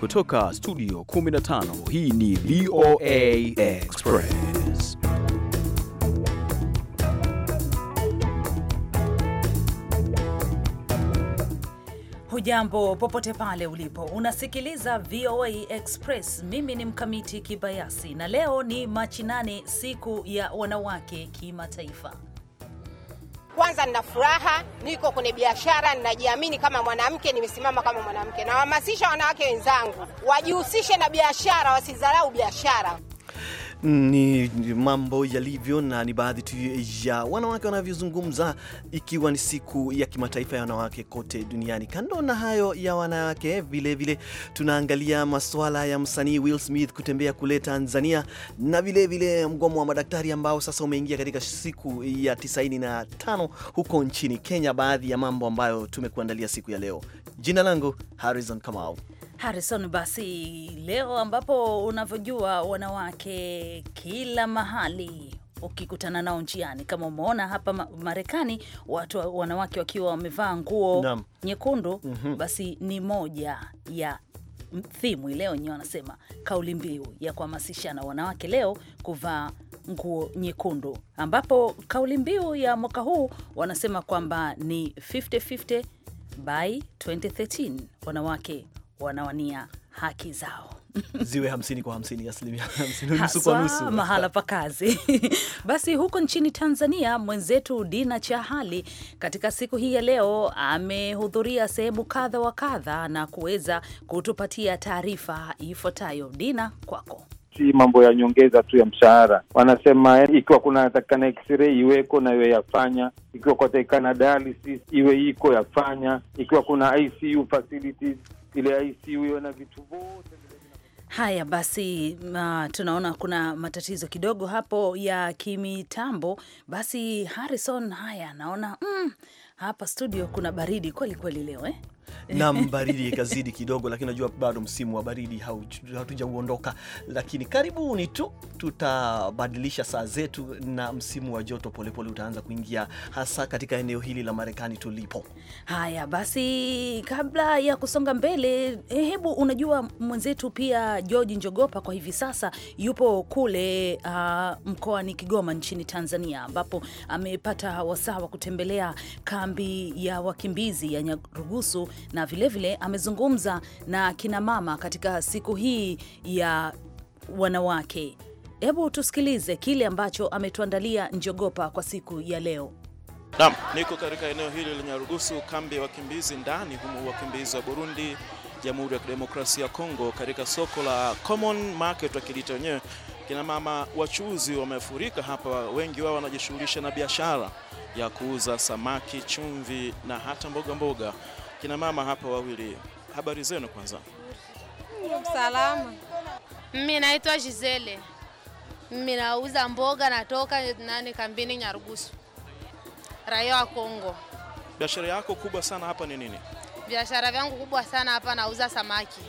Kutoka studio 15 hii ni VOA Express. Hujambo popote pale ulipo, unasikiliza VOA Express. Mimi ni Mkamiti Kibayasi na leo ni Machi nane, siku ya wanawake kimataifa. Kwanza nina furaha, niko kwenye biashara, ninajiamini kama mwanamke, nimesimama kama mwanamke. Nawahamasisha wanawake wenzangu wajihusishe na biashara, wasidharau biashara. Ni mambo yalivyo na ni baadhi tu ya wanawake wanavyozungumza, ikiwa ni siku ya kimataifa ya wanawake kote duniani. Kando na hayo ya wanawake, vilevile tunaangalia masuala ya msanii Will Smith kutembea kule Tanzania na vilevile mgomo wa madaktari ambao sasa umeingia katika siku ya na tano huko nchini Kenya. Baadhi ya mambo ambayo tumekuandalia siku ya leo. Jina langu Harrison Kamau. Harrison, basi leo ambapo unavyojua wanawake kila mahali ukikutana nao njiani, kama umeona hapa Marekani watu wanawake wakiwa wamevaa nguo nyekundu mm -hmm. Basi ni moja ya thimu leo wenyewe wanasema kauli mbiu ya kuhamasishana wanawake leo kuvaa nguo nyekundu, ambapo kauli mbiu ya mwaka huu wanasema kwamba ni 50-50 by 2013 wanawake wanawania haki zao ziwe hamsini kwa hamsini, asilimia hamsini, nusu kwa nusu, mahala pa kazi. Basi huko nchini Tanzania, mwenzetu Dina Chahali katika siku hii ya leo amehudhuria sehemu kadha wa kadha na kuweza kutupatia taarifa ifuatayo. Dina, kwako. Si mambo ya nyongeza tu ya mshahara, wanasema eh, ikiwa kuna x-ray iweko na iwe yafanya, ikiwa kunatakikana dialysis iwe iko yafanya, ikiwa kuna ICU facilities ile ICU na vitu vyote Haya basi, uh, tunaona kuna matatizo kidogo hapo ya kimitambo. Basi Harrison, haya naona mm, hapa studio kuna baridi kweli kweli leo eh? nam baridi ikazidi kidogo, lakini najua bado msimu wa baridi hatujauondoka, lakini karibuni tu tutabadilisha saa zetu na msimu wa joto polepole utaanza kuingia, hasa katika eneo hili la Marekani tulipo. Haya basi, kabla ya kusonga mbele, eh, hebu unajua mwenzetu pia George Njogopa kwa hivi sasa yupo kule uh, mkoani Kigoma nchini Tanzania, ambapo amepata wasaa wa kutembelea kambi ya wakimbizi ya Nyarugusu na vilevile vile, amezungumza na kinamama katika siku hii ya wanawake. Hebu tusikilize kile ambacho ametuandalia Njogopa kwa siku ya leo. Naam, niko katika eneo hili la Nyarugusu, kambi ya wakimbizi ndani humu, wakimbizi wa Burundi, Jamhuri ya Kidemokrasia ya Kongo, katika soko la Common Market wenyewe. Kina mama wachuzi wamefurika hapa, wengi wao wanajishughulisha na biashara ya kuuza samaki, chumvi na hata mboga mboga Kina mama hapa wawili, habari zenu? Kwanza salama. Mimi naitwa gisele mimi nauza mboga, natoka nani kambini Nyarugusu, raia wa Kongo. Biashara yako kubwa sana hapa ni nini? Biashara yangu kubwa sana hapa nauza samaki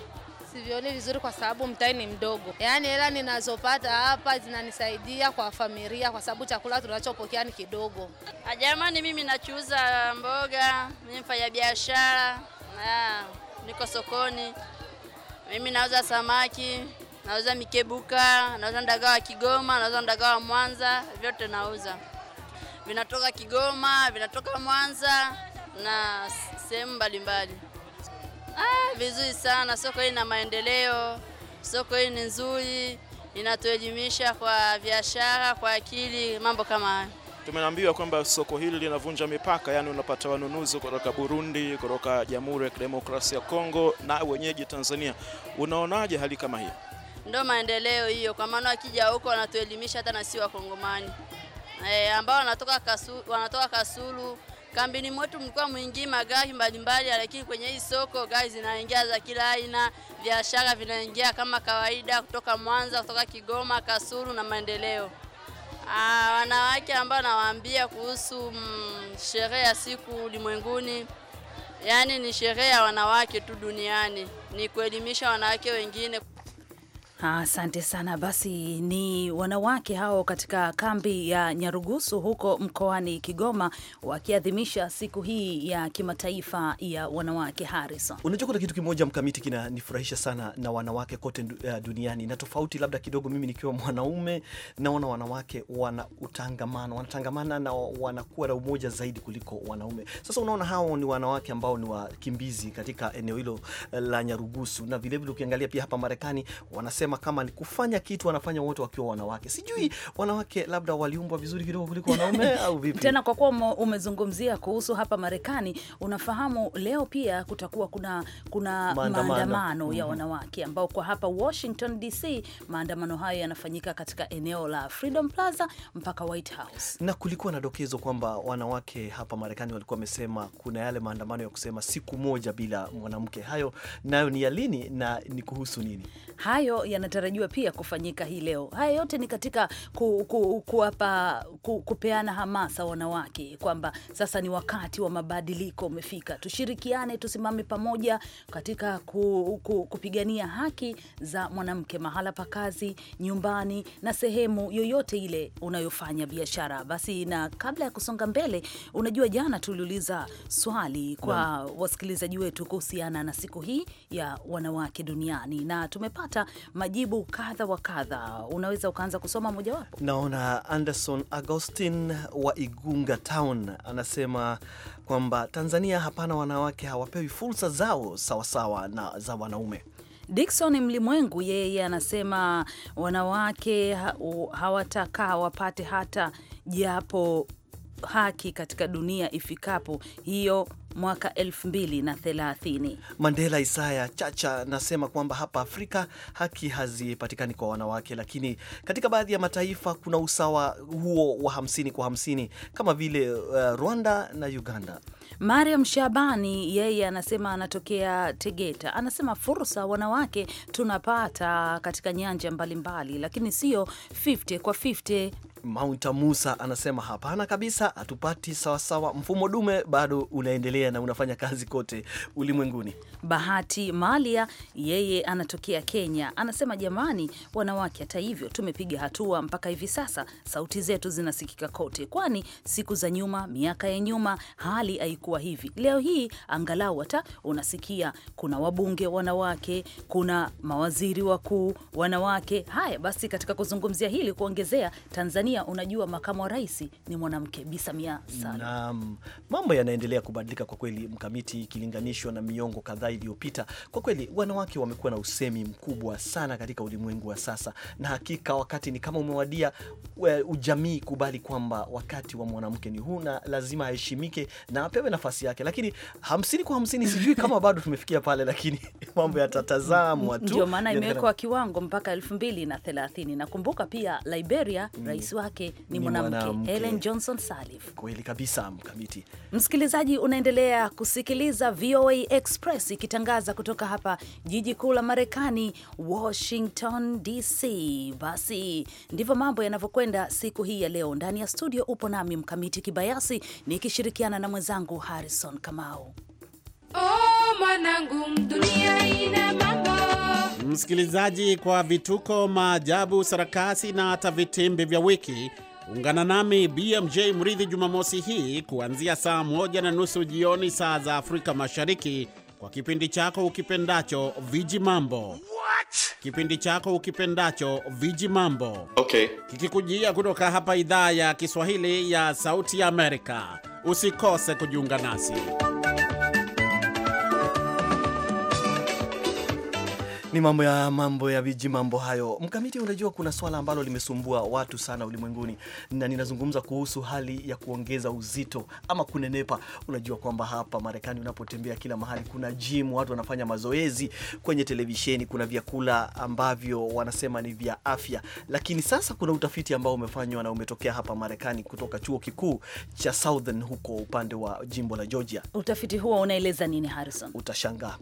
sivioni vizuri kwa sababu mtaji ni mdogo. Yaani hela ninazopata hapa zinanisaidia kwa familia, kwa sababu chakula tunachopokea ni kidogo. Ah, jamani, mimi nachuuza mboga, mimi mfanya biashara, niko sokoni, mimi nauza samaki nauza mikebuka, nauza ndagaa wa Kigoma, nauza ndagaa wa Mwanza, vyote nauza. Vinatoka Kigoma, vinatoka Mwanza na sehemu mbalimbali. Ah, vizuri sana soko hili na maendeleo. Soko hili ni nzuri, inatuelimisha kwa biashara, kwa akili, mambo kama hayo. Tumeambiwa kwamba soko hili linavunja mipaka, yaani unapata wanunuzi kutoka Burundi, kutoka Jamhuri ya Kidemokrasia ya Kongo na wenyeji Tanzania. Unaonaje hali kama hiyo? Ndio maendeleo hiyo, kwa maana wakija huko wanatuelimisha hata na si Wakongomani e, ambao wanatoka Kasulu, wanatoka Kasulu Kambini mwetu mlikuwa mwingi magari mbalimbali, lakini kwenye hii soko gari zinaingia za kila aina, biashara vinaingia kama kawaida, kutoka Mwanza, kutoka Kigoma, Kasulu na maendeleo. Aa, ah, wanawake ambao nawaambia kuhusu mm, sherehe ya siku ulimwenguni, yaani ni sherehe ya wanawake tu duniani, ni kuelimisha wanawake wengine. Asante sana. Basi ni wanawake hao katika kambi ya Nyarugusu huko mkoani Kigoma wakiadhimisha siku hii ya kimataifa ya wanawake. Harrison, unajua kuna kitu kimoja mkamiti kinanifurahisha sana na wanawake kote eh, duniani, na tofauti labda kidogo mimi nikiwa mwanaume, naona wanawake wana utangamano, wanatangamana na wanakuwa na umoja zaidi kuliko wanaume. Sasa unaona hao ni wanawake ambao ni wakimbizi katika eneo hilo eh, la Nyarugusu, na vilevile ukiangalia pia hapa Marekani wanasema kusema kama ni kufanya kitu wanafanya wote wakiwa wanawake. Sijui wanawake labda waliumbwa vizuri kidogo kuliko wanaume au vipi? Tena kwa kuwa umezungumzia kuhusu hapa Marekani, unafahamu leo pia kutakuwa kuna, kuna maandamano ya mm-hmm. wanawake ambao kwa hapa Washington DC maandamano hayo yanafanyika katika eneo la Freedom Plaza mpaka White House, na kulikuwa na dokezo kwamba wanawake hapa Marekani walikuwa wamesema kuna yale maandamano ya kusema siku moja bila mwanamke. Hayo nayo ni ya lini na ni kuhusu nini hayo ya yanatarajiwa pia kufanyika hii leo. Haya yote ni katika ku, ku, kuwapa ku, kupeana hamasa wanawake kwamba sasa ni wakati wa mabadiliko umefika, tushirikiane, tusimame pamoja katika ku, ku, kupigania haki za mwanamke mahala pa kazi, nyumbani na sehemu yoyote ile unayofanya biashara. Basi na kabla ya kusonga mbele, unajua jana tuliuliza swali kwa wasikilizaji wetu kuhusiana na siku hii ya wanawake duniani na tumepata majibu kadha wa kadha. Unaweza ukaanza kusoma mojawapo. Naona Anderson agostin wa Igunga Town anasema kwamba Tanzania hapana, wanawake hawapewi fursa zao sawasawa na za wanaume. dikson Mlimwengu yeye anasema wanawake ha hawatakaa wapate hata japo haki katika dunia ifikapo hiyo mwaka 2030. Mandela Isaya Chacha nasema kwamba hapa Afrika haki hazipatikani kwa wanawake, lakini katika baadhi ya mataifa kuna usawa huo wa hamsini kwa hamsini kama vile uh, Rwanda na Uganda. Mariam Shabani yeye anasema anatokea Tegeta, anasema fursa wanawake tunapata katika nyanja mbalimbali mbali, lakini sio 50 kwa 50. Mounta Musa anasema hapana kabisa, hatupati sawasawa. Mfumo dume bado unaendelea na unafanya kazi kote ulimwenguni. Bahati Malia yeye anatokea Kenya, anasema jamani, wanawake, hata hivyo tumepiga hatua mpaka hivi sasa, sauti zetu zinasikika kote, kwani siku za nyuma, miaka ya nyuma, hali haikuwa hivi. Leo hii angalau hata unasikia kuna wabunge wanawake, kuna mawaziri wakuu wanawake. Haya basi, katika kuzungumzia hili, kuongezea Tanzania Tanzania, unajua makamu wa rais ni mwanamke Bi Samia Naam, mambo yanaendelea kubadilika kwa kweli, mkamiti ikilinganishwa na miongo kadhaa iliyopita. Kwa kweli wanawake wamekuwa na usemi mkubwa sana katika ulimwengu wa sasa, na hakika wakati ni kama umewadia. Ujamii kubali kwamba wakati wa mwanamke ni huu na lazima aheshimike na apewe nafasi yake, lakini hamsini kwa hamsini sijui kama bado tumefikia pale, lakini mambo yatatazamwa tu, ndio maana imewekwa kiwango mpaka 2030 Nakumbuka pia Liberia, mm. rais wake ni mwanamke Helen Johnson Sirleaf. Kweli kabisa mkamiti. Msikilizaji, unaendelea kusikiliza VOA Express ikitangaza kutoka hapa jiji kuu la Marekani, Washington DC. Basi ndivyo mambo yanavyokwenda siku hii ya leo. Ndani ya studio upo nami Mkamiti Kibayasi nikishirikiana na mwenzangu Harrison Kamau. oh! mwanangu, dunia ina mambo. Msikilizaji, kwa vituko, maajabu, sarakasi na hata vitimbi vya wiki, ungana nami BMJ Mridhi Jumamosi hii kuanzia saa moja na nusu jioni saa za Afrika Mashariki kwa kipindi chako ukipendacho Viji Mambo. Kipindi chako ukipendacho Viji Mambo. Okay. Kikikujia kutoka hapa idhaa ya Kiswahili ya Sauti ya Amerika. Usikose kujiunga nasi. Ni mambo ya mambo ya viji mambo hayo. Mkamiti, unajua kuna swala ambalo limesumbua watu sana ulimwenguni, na ninazungumza kuhusu hali ya kuongeza uzito ama kunenepa. Unajua kwamba hapa Marekani unapotembea kila mahali kuna jimu watu wanafanya mazoezi, kwenye televisheni kuna vyakula ambavyo wanasema ni vya afya. Lakini sasa kuna utafiti ambao umefanywa na umetokea hapa Marekani kutoka chuo kikuu cha Southern huko upande wa jimbo la Georgia. Utafiti huo unaeleza nini, Harrison? Utashangaa.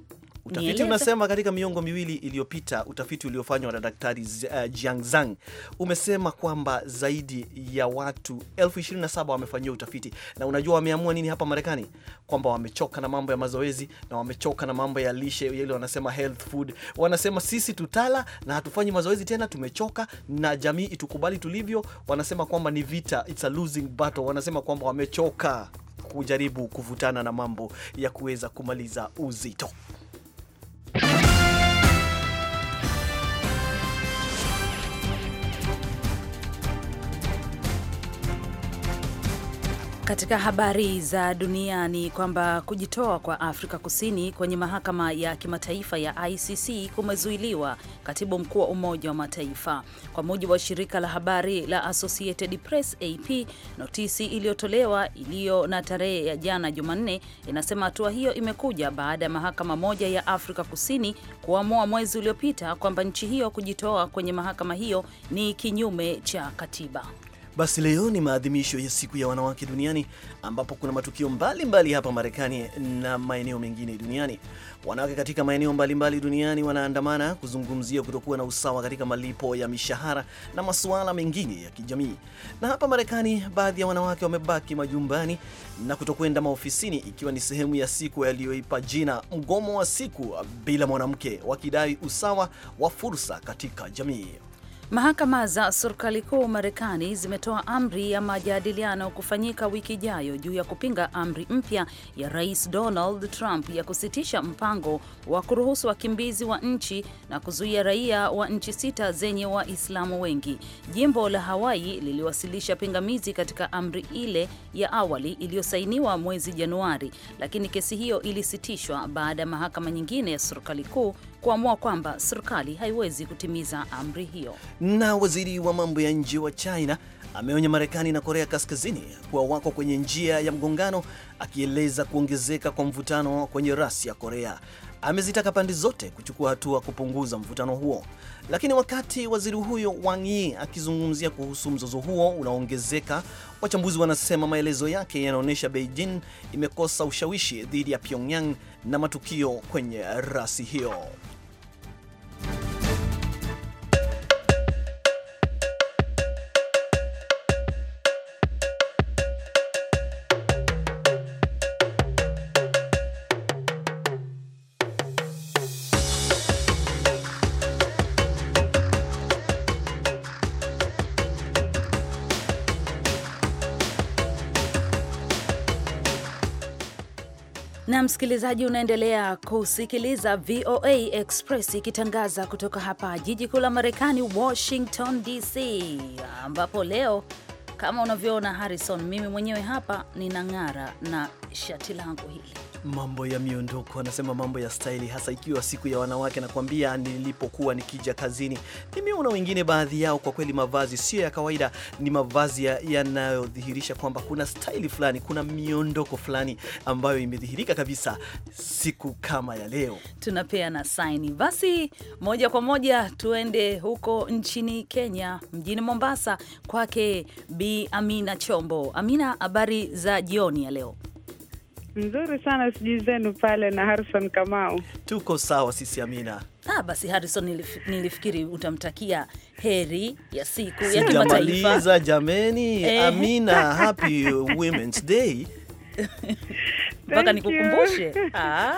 Utafiti unasema katika miongo miwili iliyopita utafiti uliofanywa na Daktari uh, eh, Jiangzang umesema kwamba zaidi ya watu elfu 27 wamefanyiwa utafiti, na unajua wameamua nini hapa Marekani? Kwamba wamechoka na mambo ya mazoezi na wamechoka na mambo ya lishe, ile wanasema health food. Wanasema sisi tutala na hatufanyi mazoezi tena, tumechoka na jamii itukubali tulivyo. Wanasema kwamba ni vita, it's a losing battle. Wanasema kwamba wamechoka kujaribu kuvutana na mambo ya kuweza kumaliza uzito. Thank you. Katika habari za dunia ni kwamba kujitoa kwa Afrika Kusini kwenye mahakama ya kimataifa ya ICC kumezuiliwa, katibu mkuu wa Umoja wa Mataifa. Kwa mujibu wa shirika la habari la Associated Press AP, notisi iliyotolewa iliyo na tarehe ya jana Jumanne inasema hatua hiyo imekuja baada ya mahakama moja ya Afrika Kusini kuamua mwezi uliopita kwamba nchi hiyo kujitoa kwenye mahakama hiyo ni kinyume cha katiba. Basi leo ni maadhimisho ya siku ya wanawake duniani ambapo kuna matukio mbalimbali mbali hapa Marekani na maeneo mengine duniani. Wanawake katika maeneo mbalimbali duniani wanaandamana kuzungumzia kutokuwa na usawa katika malipo ya mishahara na masuala mengine ya kijamii. Na hapa Marekani, baadhi ya wanawake wamebaki majumbani na kutokwenda maofisini ikiwa ni sehemu ya siku yaliyoipa jina mgomo wa siku bila mwanamke, wakidai usawa wa fursa katika jamii. Mahakama za serikali kuu Marekani zimetoa amri ya majadiliano kufanyika wiki ijayo juu ya kupinga amri mpya ya Rais Donald Trump ya kusitisha mpango wa kuruhusu wakimbizi wa nchi na kuzuia raia wa nchi sita zenye Waislamu wengi. Jimbo la Hawaii liliwasilisha pingamizi katika amri ile ya awali iliyosainiwa mwezi Januari, lakini kesi hiyo ilisitishwa baada ya mahakama nyingine ya serikali kuu kuamua kwamba serikali haiwezi kutimiza amri hiyo. Na waziri wa mambo ya nje wa China ameonya Marekani na Korea Kaskazini kuwa wako kwenye njia ya mgongano, akieleza kuongezeka kwa mvutano kwenye rasi ya Korea. Amezitaka pande zote kuchukua hatua kupunguza mvutano huo. Lakini wakati waziri huyo Wang Yi akizungumzia kuhusu mzozo huo unaoongezeka, wachambuzi wanasema maelezo yake yanaonyesha Beijing imekosa ushawishi dhidi ya Pyongyang na matukio kwenye rasi hiyo. msikilizaji, unaendelea kusikiliza VOA Express ikitangaza kutoka hapa jiji kuu la Marekani, Washington DC, ambapo leo kama unavyoona Harrison, mimi mwenyewe hapa ninang'ara na shati langu hili Mambo ya miondoko, anasema mambo ya staili, hasa ikiwa siku ya wanawake. Nakwambia, nilipokuwa nikija kazini nimeona wengine, baadhi yao kwa kweli mavazi sio ya kawaida, ni mavazi yanayodhihirisha kwamba kuna staili fulani, kuna miondoko fulani ambayo imedhihirika kabisa siku kama ya leo. tunapea na saini. Basi moja kwa moja tuende huko nchini Kenya, mjini Mombasa, kwake Bi Amina Chombo. Amina, habari za jioni ya leo? Nzuri sana sijui zenu pale na Harrison Kamau. Tuko sawa sisi Amina. Ah, basi Harrison nilif, nilifikiri utamtakia heri ya siku ya kimataifa. Jameni, eh. Amina, happy Women's Day. Mpaka nikukumbushe. Ah,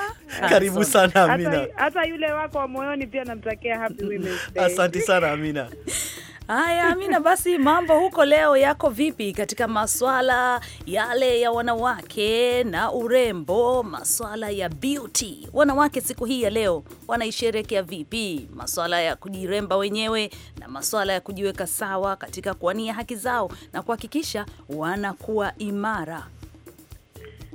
karibu sana Amina. Hata yule wako wa moyoni pia namtakia happy Women's Day. Asante sana Amina. Haya, Amina, basi mambo huko leo yako vipi katika maswala yale ya wanawake na urembo, maswala ya beauty? Wanawake siku hii ya leo wanaisherekea vipi maswala ya kujiremba wenyewe na maswala ya kujiweka sawa katika kuwania haki zao na kuhakikisha wanakuwa imara?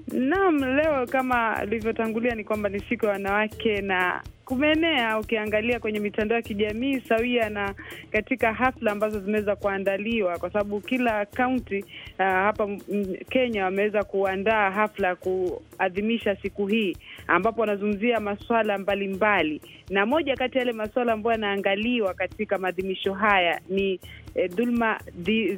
Naam, leo kama alivyotangulia ni kwamba ni siku ya wanawake na kumeenea ukiangalia kwenye mitandao ya kijamii sawia na katika hafla ambazo zimeweza kuandaliwa, kwa sababu kila kaunti uh, hapa Kenya wameweza kuandaa hafla ya kuadhimisha siku hii, ambapo wanazungumzia maswala mbalimbali, na moja kati ya yale masuala ambayo yanaangaliwa katika maadhimisho haya ni E, dhulma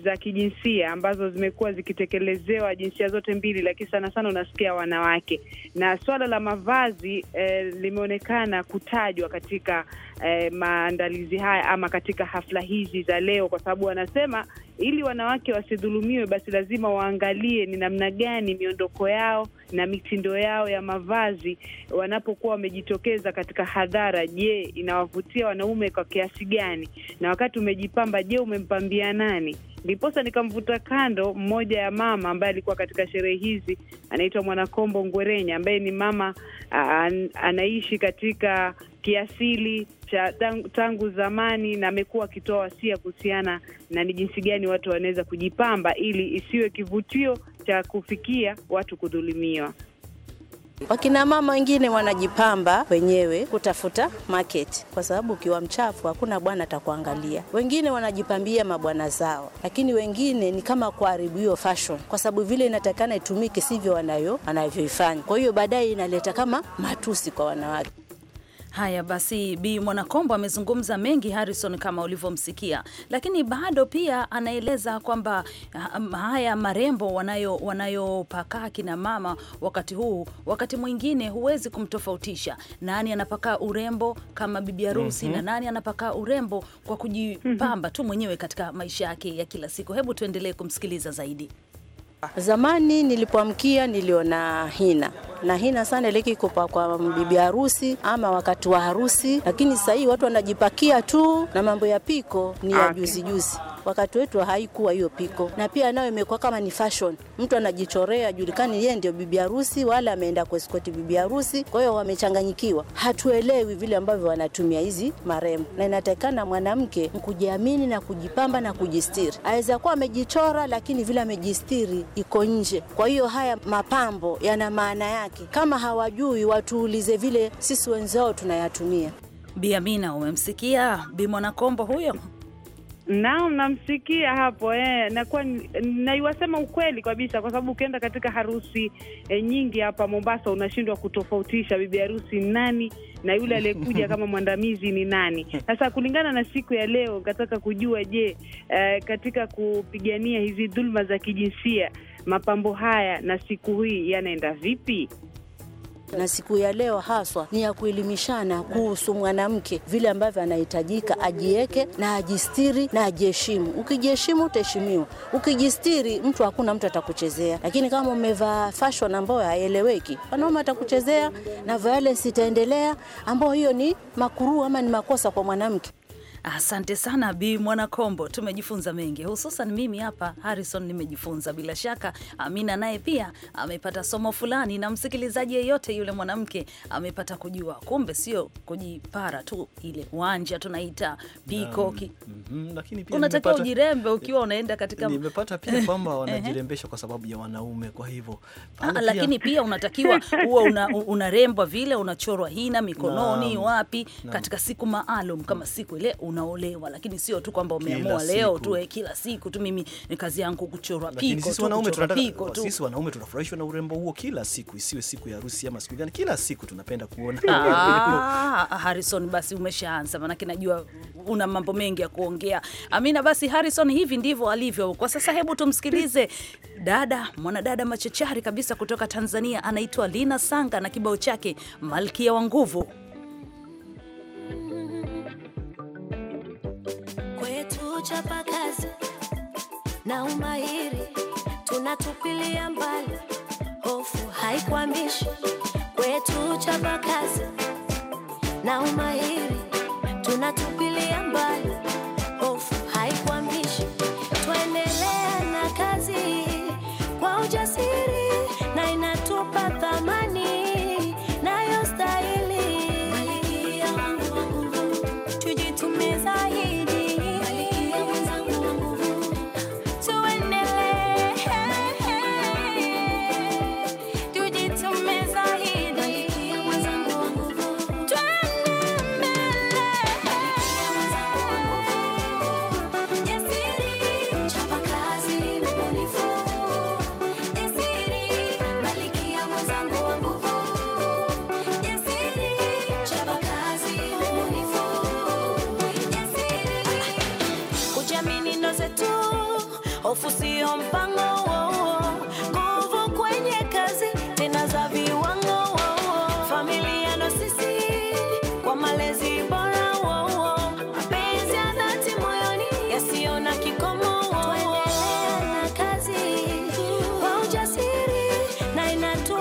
za kijinsia ambazo zimekuwa zikitekelezewa jinsia zote mbili, lakini sana sana unasikia wanawake, na swala la mavazi e, limeonekana kutajwa katika eh, maandalizi haya ama katika hafla hizi za leo, kwa sababu wanasema ili wanawake wasidhulumiwe, basi lazima waangalie ni namna gani miondoko yao na mitindo yao ya mavazi wanapokuwa wamejitokeza katika hadhara, je, inawavutia wanaume kwa kiasi gani? Na wakati umejipamba, je, umempambia nani? ndiposa nikamvuta kando mmoja ya mama ambaye alikuwa katika sherehe hizi, anaitwa Mwanakombo Ngwerenya ambaye ni mama an, anaishi katika kiasili cha tangu zamani na amekuwa akitoa wasia kuhusiana na ni jinsi gani watu wanaweza kujipamba ili isiwe kivutio cha kufikia watu kudhulumiwa. Wakina mama wengine wanajipamba wenyewe kutafuta market, kwa sababu ukiwa mchafu hakuna bwana atakuangalia. Wengine wanajipambia mabwana zao, lakini wengine ni kama kuharibiwa fashion, kwa sababu vile inatakana itumike sivyo wanayo wanavyoifanya. Kwa hiyo baadaye inaleta kama matusi kwa wanawake. Haya basi, Bi Mwanakombo amezungumza mengi Harrison, kama ulivyomsikia, lakini bado pia anaeleza kwamba um, haya marembo wanayopaka wanayo kina mama wakati huu, wakati mwingine huwezi kumtofautisha nani anapaka urembo kama bibi harusi mm -hmm. na mhm. nani anapaka urembo kwa kujipamba mhm. tu mwenyewe katika maisha yake ya kila siku. Hebu tuendelee kumsikiliza zaidi. Zamani nilipoamkia niliona hina na hina sana ile kupa kwa bibi harusi ama wakati wa harusi, lakini sasa hii watu wanajipakia tu na mambo ya piko ni ya juzi juzi. Wakati wetu haikuwa hiyo piko, na pia nayo imekuwa kama ni fashion, mtu anajichorea, julikani yeye ndio bibi harusi wala ameenda kueskoti bibi harusi. Kwa hiyo wamechanganyikiwa, hatuelewi vile ambavyo wanatumia hizi marembo, na inatakikana mwanamke mkujiamini na kujipamba na kujistiri. Aweza kuwa amejichora, lakini vile amejistiri iko nje. Kwa hiyo haya mapambo yana maana yake, kama hawajui watuulize vile sisi wenzao tunayatumia. biamina umemsikia bimona kombo huyo Naam, namsikia hapo eh. Nakuwa naiwasema ukweli kabisa, kwa sababu ukienda katika harusi eh, nyingi hapa Mombasa unashindwa kutofautisha bibi harusi nani na yule aliyekuja kama mwandamizi ni nani. Sasa kulingana na siku ya leo, kataka kujua je, eh, katika kupigania hizi dhuluma za kijinsia mapambo haya na siku hii yanaenda vipi? na siku ya leo haswa ni ya kuelimishana kuhusu mwanamke vile ambavyo anahitajika ajieke na ajistiri na ajiheshimu. Ukijiheshimu utaheshimiwa, ukijistiri mtu hakuna mtu atakuchezea, lakini kama umevaa fashion ambayo haieleweki, wanaume atakuchezea na violence itaendelea, ambayo hiyo ni makuruu ama ni makosa kwa mwanamke. Asante sana Bi Mwanakombo, tumejifunza mengi, hususan mimi hapa Harrison nimejifunza. Bila shaka Amina naye pia amepata somo fulani, na msikilizaji yeyote yule mwanamke amepata kujua kumbe sio kujipara tu, ile wanja tunaita bikoki. Um, mm, lakini pia unatakiwa ujirembe ukiwa unaenda katika, nimepata pia kwamba wanajirembesha kwa sababu ya wanaume, kwa hivyo ah, pia... lakini pia unatakiwa huwa unarembwa una vile unachorwa hina mikononi wapi katika siku maalum kama siku ile unaolewa, lakini sio tu kwamba umeamua leo tu eh, kila siku tu mimi ni kazi yangu kuchora piko tu, wanaume tunataka Sisi wanaume tunafurahishwa na urembo huo kila siku, isiwe siku ya harusi ama siku gani, kila siku tunapenda kuona. Ah, Harrison, basi umeshaanza, maanake najua una mambo mengi ya kuongea. Amina, basi Harrison, hivi ndivyo alivyo kwa sasa. Hebu tumsikilize dada mwanadada machachari kabisa kutoka Tanzania, anaitwa Lina Sanga na kibao chake Malkia wa Nguvu. uchapa kazi na umahiri, tunatupilia mbali hofu, haikwamishi kwetu uchapa kazi na umahiri, tunatupilia mbali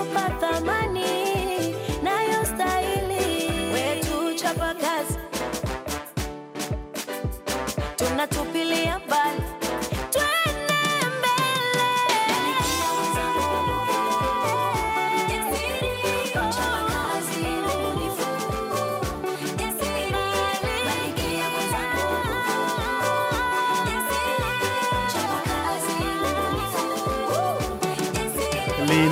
kutupa thamani nayo stahili wetu chapa kazi tunatupilia mbali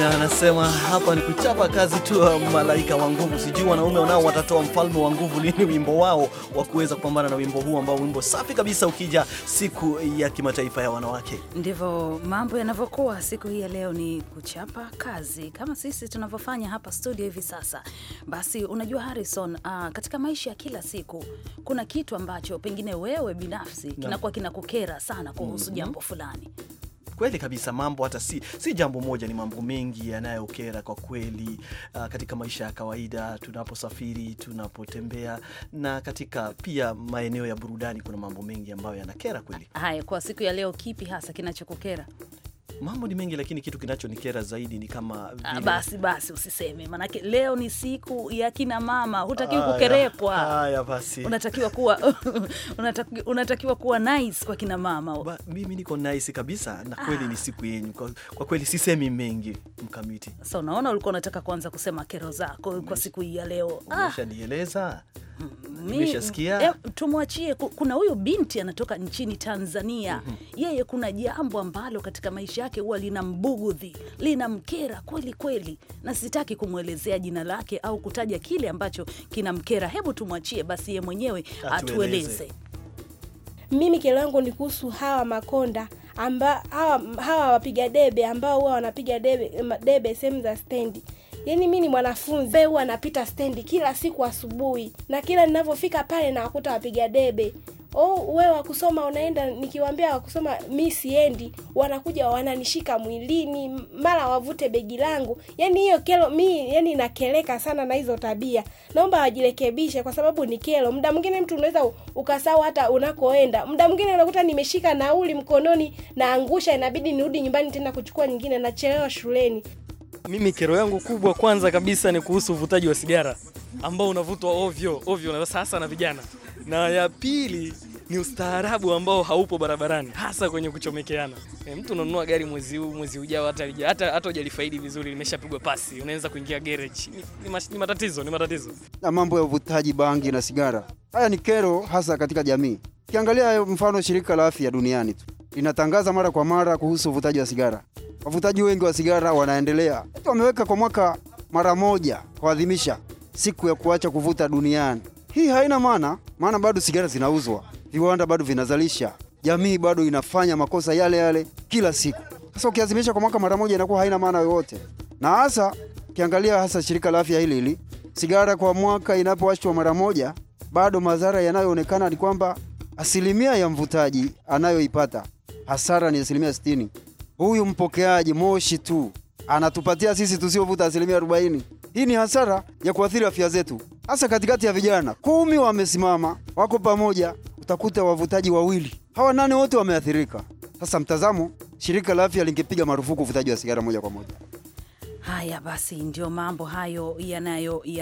Amina anasema hapa ni kuchapa kazi tu, malaika wa nguvu. Sijui wanaume wanao watatoa mfalme wa nguvu lini wimbo wao wa kuweza kupambana na wimbo huu ambao wimbo safi kabisa, ukija siku ya kimataifa ya wanawake. Ndivyo mambo yanavyokuwa siku hii ya leo, ni kuchapa kazi kama sisi tunavyofanya hapa studio hivi sasa. Basi unajua Harrison, uh, katika maisha ya kila siku kuna kitu ambacho pengine wewe binafsi kinakuwa kinakukera sana kuhusu mhm. jambo fulani kweli kabisa, mambo hata si, si jambo moja, ni mambo mengi yanayokera kwa kweli uh, katika maisha ya kawaida tunaposafiri, tunapotembea na katika pia maeneo ya burudani, kuna mambo mengi ambayo yanakera kweli. Haya, kwa siku ya leo, kipi hasa kinachokukera? Mambo ni mengi, lakini kitu kinachonikera zaidi ni kama ah, vile... basi basi, usiseme, manake leo ni siku ya kina mama, hutakiwi ah, kukerepwa. Haya basi, unatakiwa kuwa unatakiwa, kuwa nice kwa kina mama. Ba, mimi niko nice kabisa na ah. kweli ni siku yenyu kwa, kwa kweli sisemi mengi mkamiti. So unaona, ulikuwa unataka kuanza kusema kero zako kwa siku hii ya leo, umeshanieleza mm, nimeshasikia. E, tumwachie. Kuna huyu binti anatoka nchini Tanzania, mm -hmm. Yeye kuna jambo ambalo katika maisha lake huwa lina mbugudhi, lina mkera kweli kweli, na sitaki kumwelezea jina lake au kutaja kile ambacho kina mkera Hebu tumwachie basi ye mwenyewe atueleze. Mimi kero yangu ni kuhusu hawa makonda amba, hawa, hawa wapiga debe ambao huwa wanapiga debe, debe sehemu za stendi yani mi ni mwanafunzi huwa napita stendi kila siku asubuhi, na kila ninavyofika pale nawakuta wapiga debe oh, we wakusoma unaenda, nikiwaambia wakusoma mi siendi, wanakuja wananishika mwilini, mara wavute begi langu. Yani hiyo kelo mi, yani nakeleka sana na hizo tabia. Naomba wajirekebishe, kwa sababu ni kelo Muda mwingine mtu unaweza ukasau hata unakoenda. Muda mwingine unakuta nimeshika nauli mkononi, naangusha, inabidi nirudi nyumbani tena kuchukua nyingine, nachelewa shuleni. Mimi kero yangu kubwa kwanza kabisa ni kuhusu uvutaji wa sigara ambao unavutwa ovyo ovyo sasa na vijana na ya pili ni ustaarabu ambao haupo barabarani, hasa kwenye kuchomekeana. E, mtu unanunua gari mwezi huu, mwezi ujao, hata hata hujalifaidi vizuri, limeshapigwa pasi, unaweza kuingia garage. Ni, ni, ni matatizo, ni matatizo. Na mambo ya uvutaji bangi na sigara, haya ni kero hasa katika jamii. Ukiangalia mfano shirika la afya duniani tu linatangaza mara kwa mara kuhusu uvutaji wa sigara. Wavutaji wengi wa sigara wanaendelea, wameweka kwa mwaka mara moja kuadhimisha siku ya kuacha kuvuta duniani. Hii haina maana, maana bado sigara zinauzwa, viwanda bado vinazalisha, jamii bado inafanya makosa yale yale kila siku. Sasa ukiazimisha kwa mwaka mara moja inakuwa haina maana yoyote, na hasa ukiangalia hasa shirika la afya hili hili, sigara kwa mwaka inapoachwa mara moja, bado madhara yanayoonekana ni kwamba asilimia ya mvutaji anayoipata hasara ni asilimia sitini. Huyu mpokeaji moshi tu anatupatia sisi tusiovuta asilimia arobaini. Hii ni hasara ya kuathiri afya zetu hasa katikati ya vijana kumi wamesimama wako pamoja, utakuta wavutaji wawili, hawa nane wote wameathirika. Sasa mtazamo, shirika la afya lingepiga marufuku uvutaji wa sigara moja kwa moja. Haya basi, ndio mambo hayo yanayotokea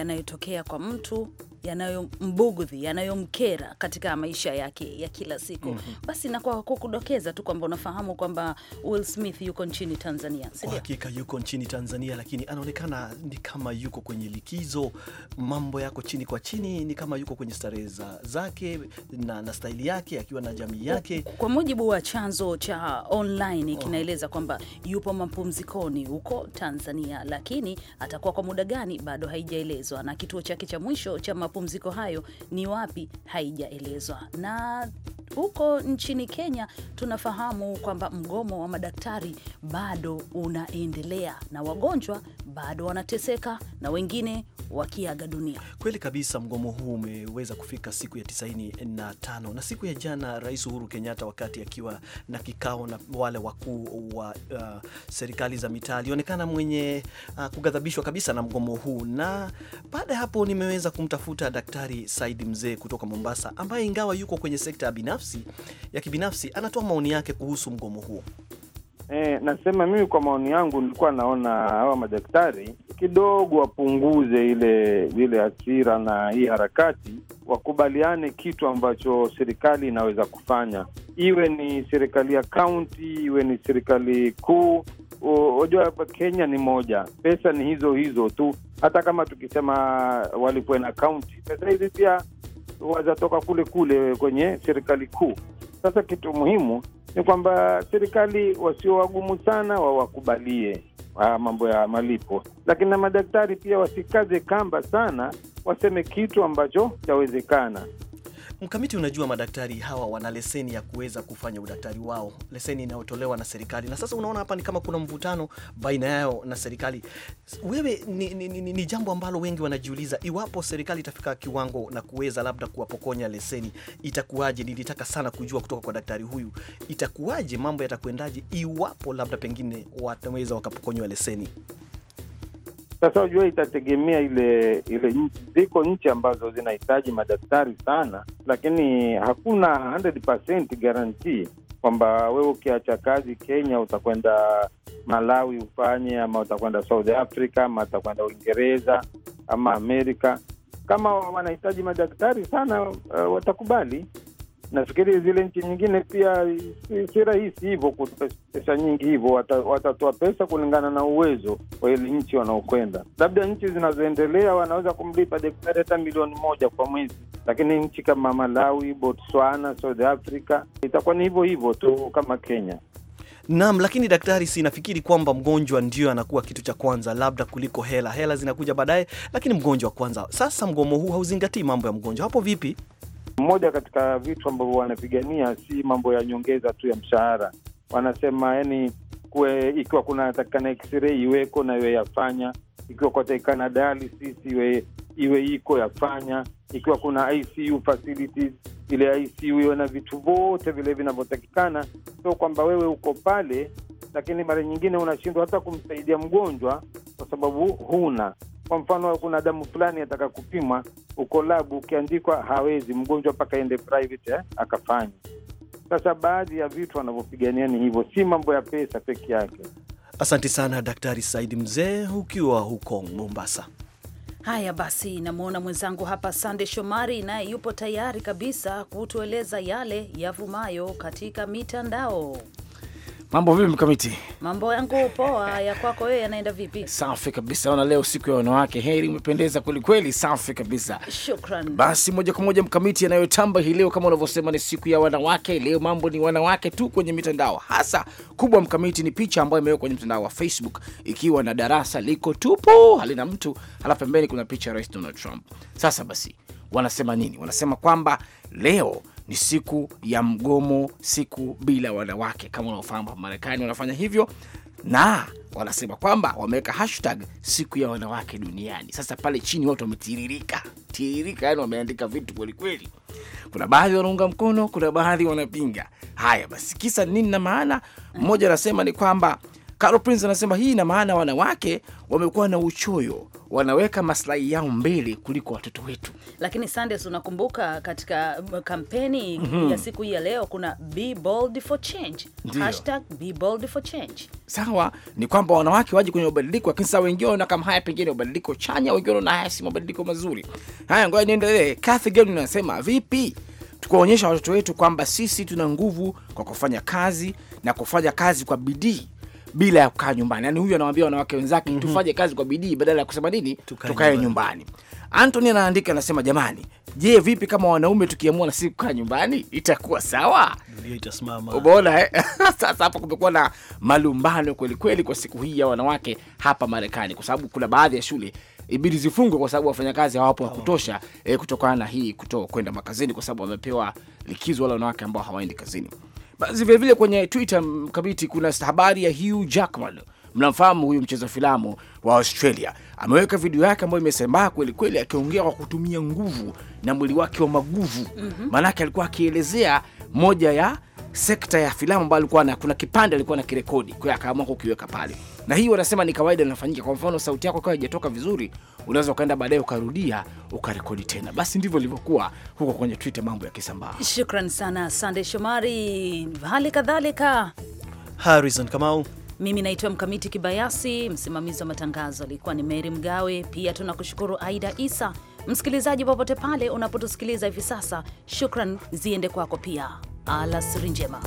yanayo kwa mtu yanayombugudhi yanayomkera katika maisha yake ya kila siku mm -hmm. Basi na kwa kukudokeza tu kwamba unafahamu kwamba Will Smith yuko nchini Tanzania. Kwa hakika yuko nchini Tanzania, lakini anaonekana ni kama yuko kwenye likizo, mambo yako chini kwa chini, ni kama yuko kwenye starehe zake na, na staili yake akiwa na jamii yake. Kwa mujibu wa chanzo cha online oh. kinaeleza kwamba yupo mapumzikoni huko Tanzania, lakini atakuwa kwa muda gani bado haijaelezwa, na kituo chake cha mwisho cha mapumziko hayo ni wapi haijaelezwa. Na huko nchini Kenya tunafahamu kwamba mgomo wa madaktari bado unaendelea na wagonjwa bado wanateseka na wengine wakiaga dunia. Kweli kabisa, mgomo huu umeweza kufika siku ya 95 na na siku ya jana, Rais Uhuru Kenyatta wakati akiwa na kikao na wale wakuu wa uh, serikali za mitaa alionekana mwenye uh, kugadhabishwa kabisa na mgomo huu, na baada ya hapo nimeweza kumtafuta Daktari Said Mzee kutoka Mombasa, ambaye ingawa yuko kwenye sekta ya binafsi ya kibinafsi, anatoa maoni yake kuhusu mgomo huo. Eh, nasema mimi kwa maoni yangu nilikuwa naona hawa madaktari kidogo wapunguze ile ile hasira na hii harakati, wakubaliane kitu ambacho serikali inaweza kufanya, iwe ni serikali ya kaunti, iwe ni serikali kuu. Unajua hapa Kenya ni moja, pesa ni hizo hizo tu. Hata kama tukisema walipwe na kaunti, pesa hizi pia wazatoka kule kule kwenye serikali kuu. Sasa kitu muhimu ni kwamba serikali wasio wagumu sana wawakubalie ah, mambo ya malipo, lakini na madaktari pia wasikaze kamba sana, waseme kitu ambacho chawezekana. Mkamiti, unajua madaktari hawa wana leseni ya kuweza kufanya udaktari wao, leseni inayotolewa na serikali, na sasa unaona hapa ni kama kuna mvutano baina yao na serikali. Wewe ni, ni, ni, ni jambo ambalo wengi wanajiuliza, iwapo serikali itafika kiwango na kuweza labda kuwapokonya leseni itakuwaje? Nilitaka sana kujua kutoka kwa daktari huyu, itakuwaje, mambo yatakwendaje iwapo labda pengine wataweza wakapokonywa leseni? Sasa ujua itategemea ile ile nchi. Ziko nchi ambazo zinahitaji madaktari sana, lakini hakuna 100% guarantee kwamba wewe ukiacha kazi Kenya utakwenda Malawi ufanye ama utakwenda South Africa ama utakwenda Uingereza ama Amerika. Kama wanahitaji madaktari sana, uh, watakubali nafikiri zile nchi nyingine pia si, si rahisi hivyo pesa nyingi hivyo, watatoa pesa kulingana na uwezo wa ile nchi wanaokwenda. Labda nchi zinazoendelea wanaweza kumlipa daktari hata milioni moja kwa mwezi, lakini nchi kama Malawi, Botswana, South Africa itakuwa ni hivyo hivyo tu kama Kenya. Naam, lakini daktari, si nafikiri kwamba mgonjwa ndio anakuwa kitu cha kwanza, labda kuliko hela. Hela zinakuja baadaye, lakini mgonjwa kwanza. Sasa mgomo huu hauzingatii mambo ya mgonjwa, hapo vipi? Mmoja katika vitu ambavyo wanapigania si mambo ya nyongeza tu ya mshahara, wanasema yani kuwe, ikiwa kuna x-ray iweko na iwe yafanya, ikiwa takikana dialysis iwe iwe iko yafanya, ikiwa kuna ICU facilities ile ICU iwe na vitu vyote vile vinavyotakikana, sio kwamba wewe uko pale, lakini mara nyingine unashindwa hata kumsaidia mgonjwa kwa sababu huna kwa mfano, kuna damu fulani ataka kupimwa uko labu, ukiandikwa hawezi mgonjwa mpaka aende private eh, akafanya. Sasa baadhi ya vitu wanavyopigania ni hivyo, si mambo ya pesa peke yake. Asante sana Daktari Saidi Mzee ukiwa huko Mombasa. Haya basi, namwona mwenzangu hapa Sande Shomari naye yupo tayari kabisa kutueleza yale yavumayo katika mitandao. Mambo vipi mkamiti? Mambo yangu poa, ya kwako wewe yanaenda vipi? Safi kabisa. Ona leo siku ya wanawake. Heri, umependeza kweli kweli. Safi kabisa. Shukrani. Basi moja kwa moja mkamiti, yanayotamba hii leo kama unavyosema ni siku ya wanawake. Leo mambo ni wanawake tu kwenye mitandao. Hasa kubwa mkamiti ni picha ambayo imewekwa kwenye mtandao wa Facebook ikiwa na darasa liko tupo, halina mtu, halafu pembeni kuna picha ya Rais Donald Trump. Sasa basi, wanasema nini? Wanasema kwamba leo ni siku ya mgomo, siku bila wanawake. Kama unaofahamu hapa Marekani wanafanya hivyo na wanasema kwamba wameweka hashtag siku ya wanawake duniani. Sasa pale chini watu wametiririka tiririka, yani wameandika vitu kwelikweli. Kuna baadhi wanaunga mkono, kuna baadhi wanapinga. Haya basi, kisa nini na maana? Mmoja anasema ni kwamba Carol Prince anasema hii ina maana wanawake wamekuwa na uchoyo, wanaweka maslahi yao mbele kuliko watoto wetu. Lakini Sanders, unakumbuka katika kampeni mm -hmm. ya siku hii ya leo kuna Be Bold for Change. Hashtag Be Bold for Change. Sawa, ni kwamba wanawake waje kwenye mabadiliko, lakini saa wengine wanaona kama haya pengine mabadiliko chanya, wengine wanaona haya si mabadiliko mazuri. Haya, ngoja niendelee. Kathy Gelin anasema vipi tukuwaonyesha watoto wetu kwamba sisi tuna nguvu kwa kufanya kazi na kufanya kazi kwa bidii bila ya kukaa nyumbani. Yani huyu anawaambia wanawake wenzake, mm -hmm. tufanye kazi kwa bidii badala ya kusema nini, tukae nyumbani. Anthony anaandika anasema, jamani, je, vipi kama wanaume tukiamua na sisi kukaa nyumbani itakuwa sawa? Umeona eh? Sasa hapa kumekuwa na malumbano kweli kweli kwa siku hii ya wanawake hapa Marekani, kwa sababu kuna baadhi ya shule ibidi zifungwe kwa sababu wafanyakazi hawapo wa kutosha, eh, kutokana na hii kuto kwenda makazini, kwa sababu wamepewa likizo wale wanawake ambao hawaendi kazini. Basi vilevile kwenye Twitter mkabiti, kuna habari ya Hugh Jackman. Mnamfahamu huyu mcheza filamu wa Australia, ameweka video yake ambayo imesambaa kweli kweli, akiongea kwa kutumia nguvu na mwili wake wa maguvu. Mhm. Maanake mm -hmm. alikuwa akielezea moja ya sekta ya filamu ambayo alikuwa na kuna kipande alikuwa na kirekodi, kwa hiyo akaamua kukiweka pale, na hii wanasema ni kawaida inafanyika. Kwa mfano sauti yako kama haijatoka vizuri, unaweza ukaenda baadaye ukarudia ukarekodi tena. Basi ndivyo ilivyokuwa huko kwenye Twitter, mambo yakisambaa. Shukran sana Sande Shomari, hali kadhalika Harrison Kamau. Mimi naitwa Mkamiti Kibayasi, msimamizi wa matangazo alikuwa ni Mary Mgawe. Pia tunakushukuru Aida Isa. Msikilizaji, popote pale unapotusikiliza hivi sasa, shukran ziende kwako pia alasiri njema.